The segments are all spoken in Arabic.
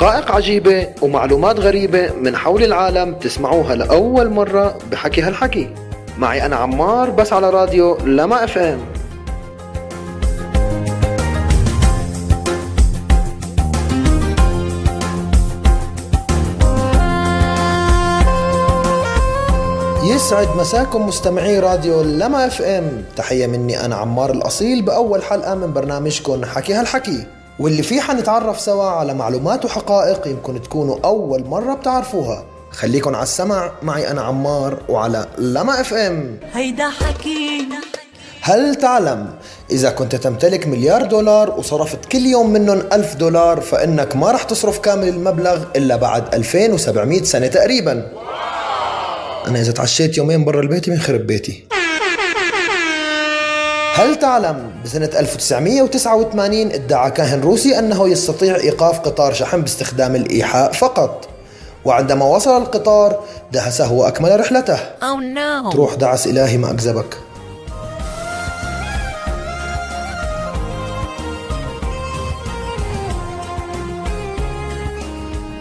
حقائق عجيبة ومعلومات غريبة من حول العالم تسمعوها لأول مرة بحكي هالحكي معي أنا عمار بس على راديو لما اف ام يسعد مساكم مستمعي راديو لما اف ام تحية مني أنا عمار الأصيل بأول حلقة من برنامجكم حكي هالحكي واللي فيه حنتعرف سوا على معلومات وحقائق يمكن تكونوا أول مرة بتعرفوها خليكن على السمع معي أنا عمار وعلى لما اف ام هيدا حكي هل تعلم إذا كنت تمتلك مليار دولار وصرفت كل يوم منهم ألف دولار فإنك ما رح تصرف كامل المبلغ إلا بعد 2700 سنة تقريبا أنا إذا تعشيت يومين برا البيت بنخرب بيتي هل تعلم بسنة 1989 ادعى كاهن روسي أنه يستطيع إيقاف قطار شحن باستخدام الإيحاء فقط وعندما وصل القطار دهسه وأكمل رحلته oh, no. تروح دعس إلهي ما أكذبك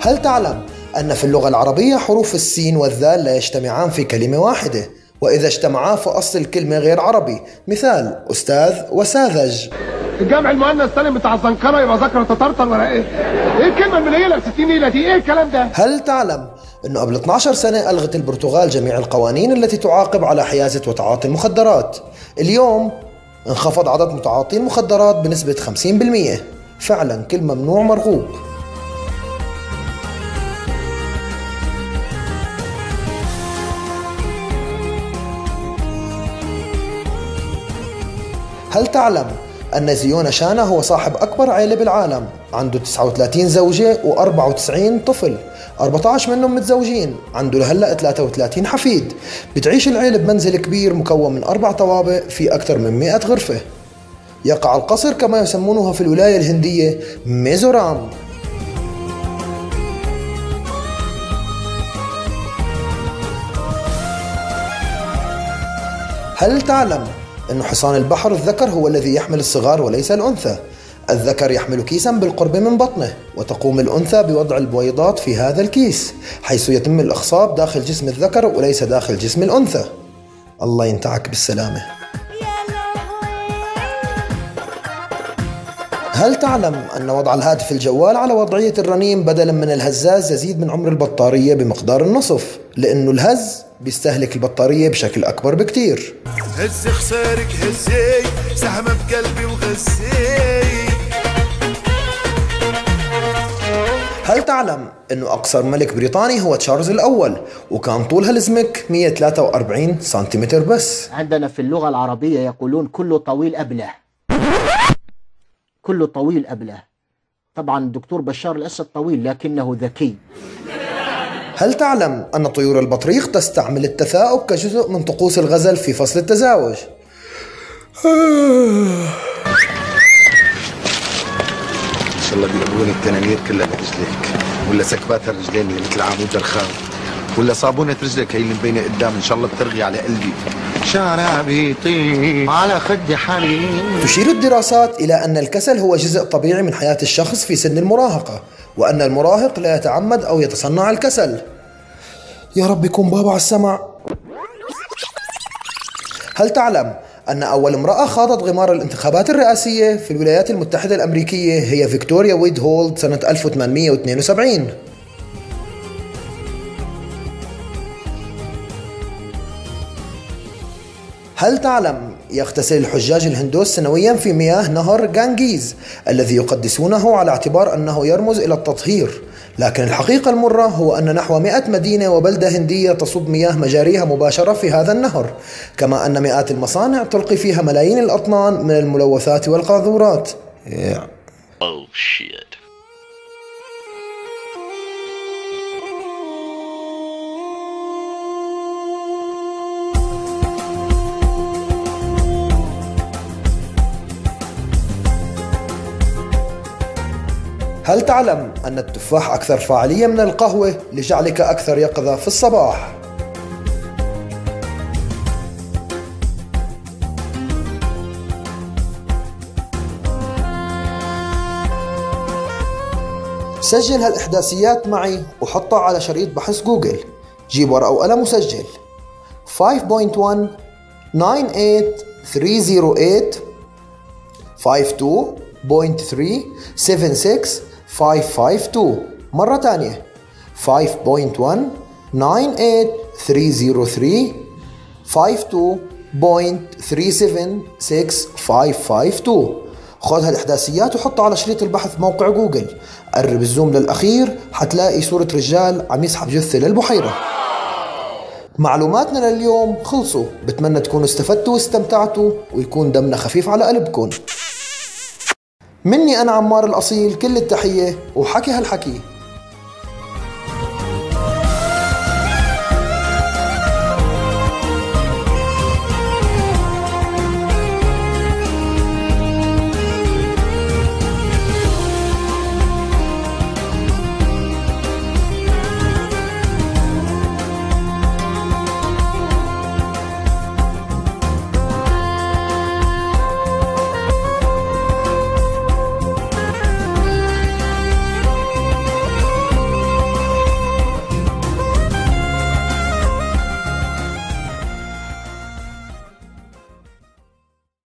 هل تعلم أن في اللغة العربية حروف السين والذال لا يجتمعان في كلمة واحدة وإذا اجتمعا فأصل الكلمة غير عربي مثال أستاذ وساذج الجامع المؤنث سالم بتاع الزنكره يبقى ذكر تطرطر ولا ايه؟ ايه الكلمه المنيله ب 60 ليله دي؟ ايه الكلام ده؟ هل تعلم انه قبل 12 سنه الغت البرتغال جميع القوانين التي تعاقب على حيازه وتعاطي المخدرات؟ اليوم انخفض عدد متعاطي المخدرات بنسبه 50%، فعلا كل ممنوع مرغوب. هل تعلم أن زيون شانا هو صاحب أكبر عيلة بالعالم عنده 39 زوجة و94 طفل 14 منهم متزوجين عنده لهلأ 33 حفيد بتعيش العيلة بمنزل كبير مكون من أربع طوابق في أكثر من 100 غرفة يقع القصر كما يسمونها في الولاية الهندية ميزورام هل تعلم أن حصان البحر الذكر هو الذي يحمل الصغار وليس الأنثى الذكر يحمل كيسا بالقرب من بطنه وتقوم الأنثى بوضع البويضات في هذا الكيس حيث يتم الإخصاب داخل جسم الذكر وليس داخل جسم الأنثى الله ينتعك بالسلامة هل تعلم أن وضع الهاتف الجوال على وضعية الرنين بدلا من الهزاز يزيد من عمر البطارية بمقدار النصف لأنه الهز بيستهلك البطارية بشكل أكبر بكتير هز خسارك هزي سهمة بقلبي وغزي هل تعلم أنه أقصر ملك بريطاني هو تشارلز الأول وكان طول هالزمك 143 سنتيمتر بس عندنا في اللغة العربية يقولون كله طويل أبله كله طويل أبله طبعا الدكتور بشار الأسد طويل لكنه ذكي هل تعلم أن طيور البطريق تستعمل التثاؤب كجزء من طقوس الغزل في فصل التزاوج؟ إن شاء الله بيقولون التنانير كلها برجليك ولا سكباتها الرجلين اللي مثل عمود الخام ولا صابونة رجلك هي اللي مبينة قدام إن شاء الله بترغي على قلبي شرابي طيب على خدي حليب تشير الدراسات إلى أن الكسل هو جزء طبيعي من حياة الشخص في سن المراهقة وأن المراهق لا يتعمد أو يتصنع الكسل يا رب يكون بابا على السمع هل تعلم أن أول امرأة خاضت غمار الانتخابات الرئاسية في الولايات المتحدة الأمريكية هي فيكتوريا ويد هولد سنة 1872 هل تعلم يغتسل الحجاج الهندوس سنويا في مياه نهر غانجيز الذي يقدسونه على اعتبار أنه يرمز إلى التطهير لكن الحقيقة المرة هو أن نحو 100 مدينة وبلدة هندية تصب مياه مجاريها مباشرة في هذا النهر كما أن مئات المصانع تلقي فيها ملايين الأطنان من الملوثات والقاذورات yeah. oh, shit. هل تعلم أن التفاح أكثر فعالية من القهوة لجعلك أكثر يقظة في الصباح؟ سجل هالإحداثيات معي وحطها على شريط بحث جوجل جيب ورقة وقلم وسجل 5.1 98308 52.376 552 مرة تانية 5.1 98303 52.376552 خذ هالاحداثيات وحطها على شريط البحث موقع جوجل قرب الزوم للاخير حتلاقي صورة رجال عم يسحب جثة للبحيرة معلوماتنا لليوم خلصوا بتمنى تكونوا استفدتوا واستمتعتوا ويكون دمنا خفيف على قلبكم مني أنا عمار الأصيل كل التحية وحكي هالحكي